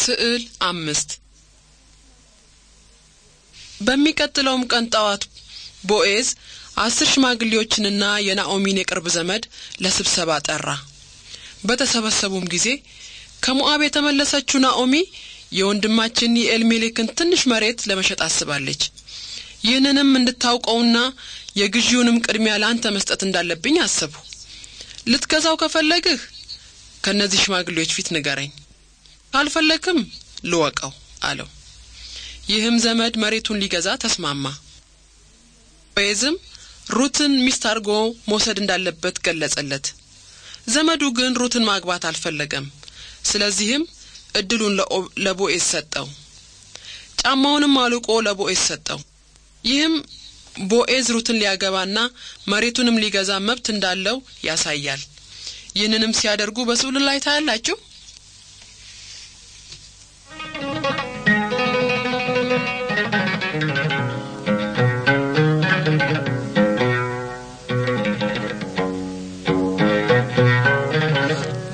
ስዕል አምስት በሚቀጥለውም ቀን ጠዋት ቦኤዝ አስር ሽማግሌዎችንና የናኦሚን የቅርብ ዘመድ ለስብሰባ ጠራ። በተሰበሰቡም ጊዜ ከሞአብ የተመለሰችው ናኦሚ የወንድማችን የኤልሜሌክን ትንሽ መሬት ለመሸጥ አስባለች። ይህንንም እንድታውቀውና የግዢውንም ቅድሚያ ለአንተ መስጠት እንዳለብኝ አስቡ ልትገዛው ከፈለግህ ከእነዚህ ሽማግሌዎች ፊት ንገረኝ ካልፈለክም ልወቀው አለው። ይህም ዘመድ መሬቱን ሊገዛ ተስማማ። ወይዝም ሩትን ሚስት አድርጎ መውሰድ እንዳለበት ገለጸለት። ዘመዱ ግን ሩትን ማግባት አልፈለገም። ስለዚህም እድሉን ለቦኤስ ሰጠው። ጫማውንም አልቆ ለቦዔዝ ሰጠው። ይህም ቦኤዝ ሩትን ሊያገባና መሬቱንም ሊገዛ መብት እንዳለው ያሳያል። ይህንንም ሲያደርጉ በስዕሉ ላይ ታያላችሁ።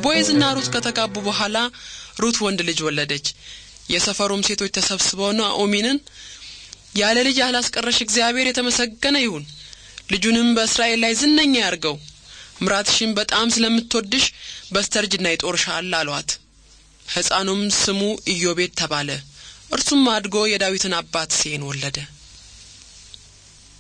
ቦይዝና ሩት ከተጋቡ በኋላ ሩት ወንድ ልጅ ወለደች። የሰፈሩም ሴቶች ተሰብስበው ናኦሚንን ያለ ልጅ አላስቀረሽ፣ እግዚአብሔር የተመሰገነ ይሁን፣ ልጁንም በእስራኤል ላይ ዝነኛ ያርገው፣ ምራትሽን በጣም ስለምትወድሽ በስተርጅና ይጦርሻል አሏት። ሕፃኑም ስሙ ኢዮቤድ ተባለ። እርሱም አድጎ የዳዊትን አባት ሴን ወለደ።